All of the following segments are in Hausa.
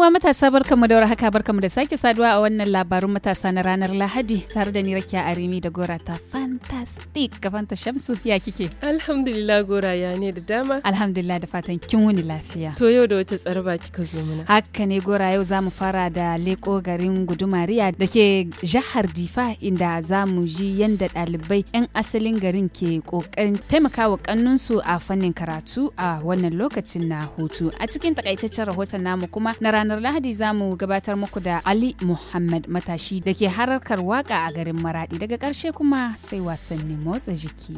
uwa matasa barkanmu da haka barkanmu da sake saduwa a wannan labarun matasa na ranar Lahadi tare da ni Rakiya Arimi da Gora ta fantastic gaban ta Shamsu ya kike. Alhamdulillah Gora ya ne da dama. Alhamdulillah da fatan kin wuni lafiya. To yau da wace tsaraba kika zo mana? Haka ne Gora yau za mu fara da leko garin Gudumariya da ke jihar Difa inda za mu ji yanda ɗalibai 'yan asalin garin ke kokarin taimakawa kannunsu a fannin karatu a wannan lokacin na hutu. A cikin takaitaccen rahoton namu kuma na ranar ranar Lahadi za mu gabatar muku da Ali Muhammad matashi da ke harkar waka a garin Maradi daga ƙarshe kuma sai wasanni motsa jiki.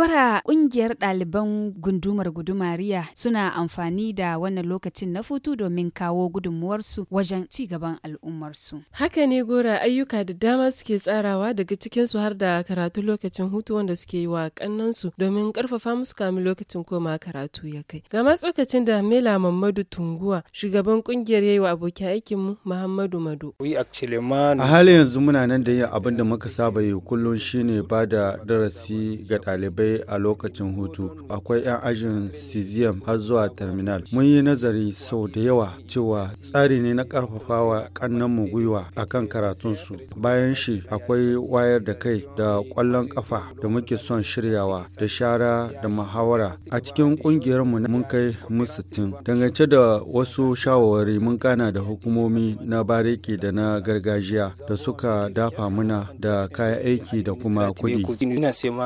Gwara ƙungiyar ɗaliban gundumar gudumariya suna amfani da wannan lokacin na futu domin kawo gudunmuwarsu wajen ci gaban al'ummarsu. Haka ne gora ayyuka da dama suke tsarawa daga cikinsu har da karatu lokacin hutu wanda suke yi wa kannansu domin ƙarfafa musu kamin lokacin koma karatu ya kai. Ga tsokacin da Mela Mamadu Tunguwa shugaban ƙungiyar yi wa abokin aikin mu Muhammadu Mado. A halin yanzu muna nan da yin abin da muka saba yi kullum shine ba da darasi ga ɗalibai a lokacin hutu akwai 'yan ajin cesium har zuwa terminal mun yi nazari sau da yawa cewa tsari ne na ƙarfafawa mu gwiwa a kan karatunsu bayan shi akwai wayar da kai da ƙwallon ƙafa da muke son shiryawa da shara da muhawara a cikin ƙungiyarmu mun kai mu 60 dangance da wasu shawarwari mun kana da hukumomi na bariki da na gargajiya da suka dafa muna da kayan aiki da kuma kuɗi.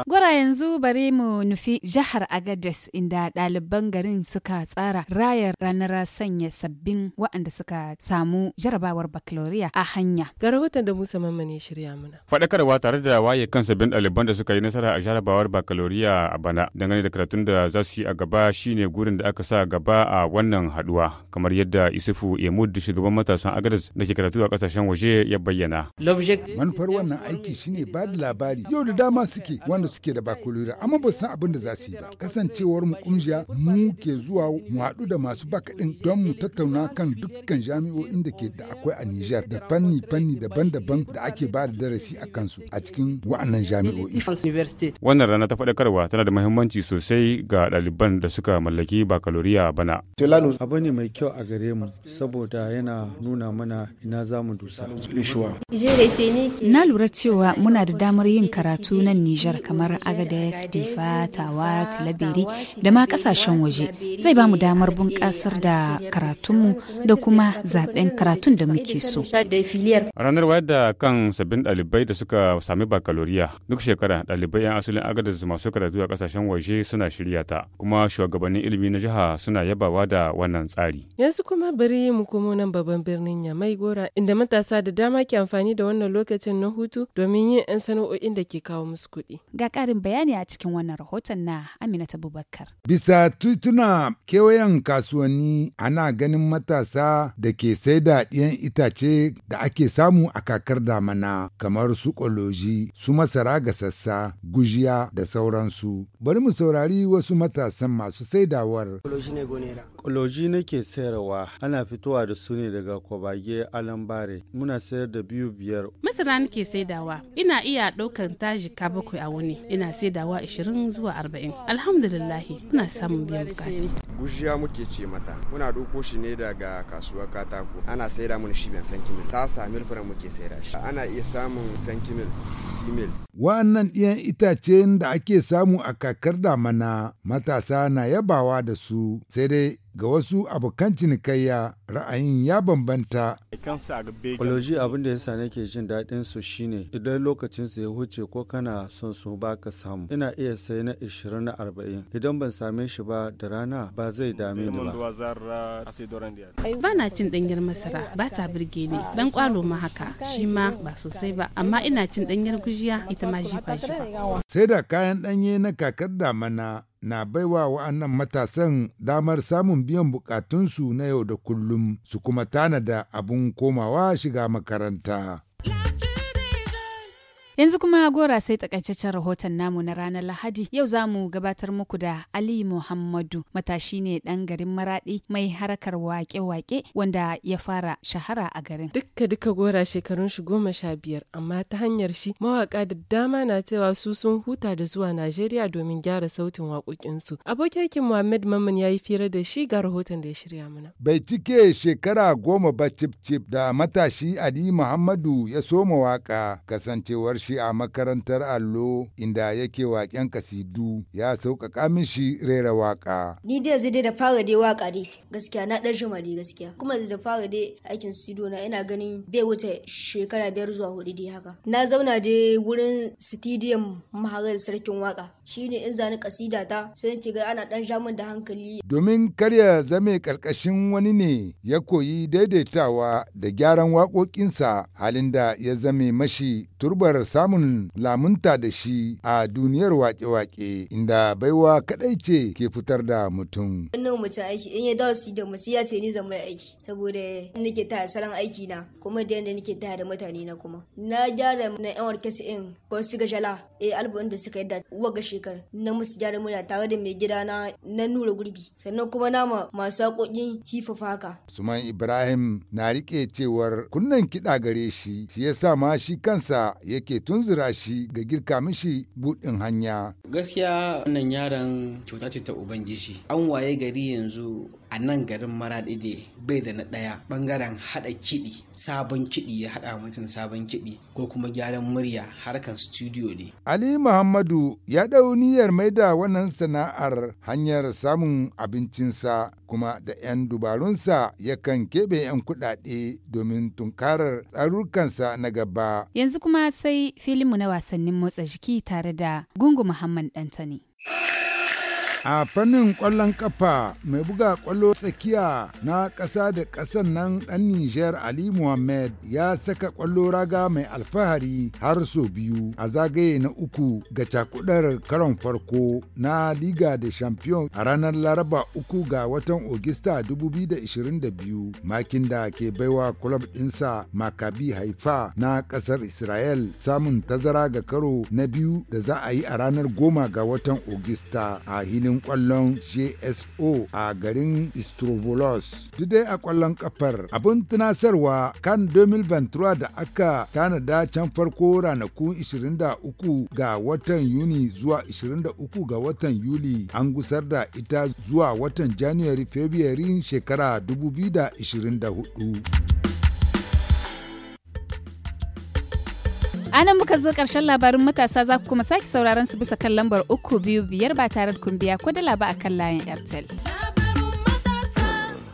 Gwara yanzu bari mu nufi jihar Agadez inda ɗaliban garin suka tsara rayar ranar sanya sabbin waɗanda suka samu jarabawar bakaloriya a hanya. Ga rahoton da Musa Mamman shirya mana. Faɗakarwa tare da waye kan sabbin ɗaliban da suka yi nasara a jarabawar bakaloriya a bana dangane da karatun da za su yi a gaba shine gurin da aka sa gaba a wannan haɗuwa kamar yadda Isufu Emud shugaban matasan Agadez da ke karatu a kasashen waje ya bayyana. Manufar wannan aiki shine ba da labari yau da dama suke wanda suke da bakaloriya. ƙungiya amma ba san abin da za su yi ba kasancewar mu ƙungiya mu ke zuwa mu haɗu da masu bakaɗin don mu tattauna kan dukkan jami'o'in da ke da akwai a Nijar da fanni fanni daban-daban da ake ba da darasi a kansu a cikin wa'annan jami'o'i. Wannan rana ta fadakarwa tana da muhimmanci sosai ga ɗaliban da suka mallaki bakaloriya bana. Abu ne mai kyau a gare mu saboda yana nuna mana ina za mu dusa. Na lura cewa muna da damar yin karatu nan Nijar kamar Agadez difa Tawat, Labiri da ma kasashen waje zai bamu damar bunƙasar da karatunmu da kuma zaben karatun da muke so ranar wayar da kan sabbin ɗalibai da suka sami bakaloriya duk shekara ɗalibai 'yan asalin agadis masu karatu a kasashen waje suna shirya ta kuma shugabannin ilimi na jiha suna yabawa da wannan tsari yanzu kuma bari mu komo nan babban birnin yamai gora inda matasa da dama ke amfani da wannan lokacin na hutu domin yin 'yan sana'o'in da ke kawo musu kuɗi ga ƙarin bayani a cikin wannan rahoton na Aminata Bubakar. Bisa tituna kewayen kasuwanni ana ganin matasa da ke sai da ɗiyan itace da ake samu a kakar damana kamar su ƙoloji, su masara ga sassa, gujiya da sauransu. Bari mu saurari wasu matasan masu saidawar. Ƙoloji ne gonera. nake sayarwa ana fitowa da su ne daga kwabage alambare muna sayar da biyu biyar. Masara nake saidawa ina iya ɗaukar taji ka bakwai a wuni ina saidawa 20 zuwa 40 alhamdulillahi muna samun biyan bukatu gujiya muke ce mata muna doko shi ne daga kasuwar katako ana saida mun shi sanki mil ta mil furan muke saida shi ana iya samun mil simil wa'annan ɗiyan itacen da ake samu a kakar damana matasa na yabawa da su sai dai ga wasu abokan cinikayya ra'ayin ya bambanta. Kwaloji abin da yasa nake jin daɗin su shine idan lokacin su ya huce ko kana son su ba ka samu ina iya sai na 20 na 40 idan ban same shi ba da rana ba zai dame ni ba. Ba na cin ɗanyar masara ba ta birge ni dan kwalo ma haka shi ma ba sosai ba amma ina cin ɗanyar gujiya ita ma jifa jifa. Sai da kayan ɗanye na kakar damana na baiwa wa'annan matasan damar samun biyan bukatunsu na yau da kullum su kuma tanada abun komawa shiga makaranta. Yanzu kuma gora sai takaitaccen rahoton namu na ranar Lahadi yau za mu gabatar muku da Ali Muhammadu matashi ne ɗan garin Maraɗi mai harakar waƙe-waƙe wanda ya fara shahara a garin. Dukka duka gora shekarun shi goma sha biyar amma ta hanyar shi mawaƙa da dama na cewa su sun huta da zuwa Najeriya domin gyara sautin waƙoƙinsu. Abokin Muhammad Mamman ya yi fira da shi ga rahoton da ya shirya mana. Bai cike shekara goma ba cip-cip da matashi Ali Muhammadu ya soma waka kasancewar shi a makarantar allo inda yake waƙen kasidu ya sauƙaƙa min shi rera waƙa. Ni dai zai da fara dai waƙa dai gaskiya na ɗan shima dai gaskiya kuma da fara dai aikin studio na ina ganin bai wuce shekara biyar zuwa hudu dai haka. Na zauna dai wurin sitidiyan maharar sarkin waƙa shi ne in zani kasida ta sai ki ga ana dan jamun da hankali domin karya zame karkashin wani ne ya koyi daidaitawa da gyaran waƙoƙinsa halin da ya zame mashi turbar samun lamunta da shi a duniyar wake-wake inda baiwa kadai ce ke fitar da mutum wannan mutum aiki in ya dawo su da musu ya ce ni zama aiki saboda nake ta salon aiki na kuma da yadda nake ta da mutane na kuma na gyara na yan orkes in ko su jala eh album da suka yadda waga shi shekara na musu gyara murya tare da mai gida na na nura gurbi sannan kuma nama masu haƙoƙin hifafa haka. Suman Ibrahim na rike cewar kunnan kiɗa gare shi shi sa ma shi kansa yake tunzura shi ga girka mishi buɗin hanya. Gaskiya wannan yaron kyauta ce ta Ubangiji an waye gari yanzu a nan garin maraɗide bai da na ɗaya ɓangaren haɗa kiɗi sabon kiɗi ya haɗa mutum sabon kiɗi ko kuma gyaran murya harkan studio ne. Ali Muhammadu ya ɗau niyyar maida wannan sana'ar hanyar samun abincinsa kuma da 'yan dubarunsa yakan keɓe 'yan kuɗaɗe domin tunkarar tsarurkansa na gaba. Yanzu kuma sai filinmu na wasannin motsa jiki tare da Gungu Muhammad Dantani. a fannin ƙwallon kafa mai buga ƙwallo tsakiya na ƙasa da ƙasan nan ɗan Nijar Ali Muhammad ya saka ƙwallo raga mai alfahari har so biyu a zagaye na uku ga cakudar karon farko na Liga da Champion a ranar Laraba uku ga watan Ogista 2022 makin da ke baiwa kulob ɗinsa Makabi Haifa na ƙasar Israel samun tazara ga karo na biyu da za a yi a ranar goma ga watan Ogista a hilin filin kwallon JSO a garin Istrovolos. Dudai a kwallon kafar abin tunasarwa kan 2023 da aka tanada can farko ranakun 23 ga watan Yuni zuwa 23 ga watan Yuli an gusar da ita zuwa watan January February shekara 2024. anan muka zo karshen labarin matasa za ku kuma sake sauraron su bisa kan lambar uku biyu biyar ba tare da kun biya ko da laba a kan layin airtel.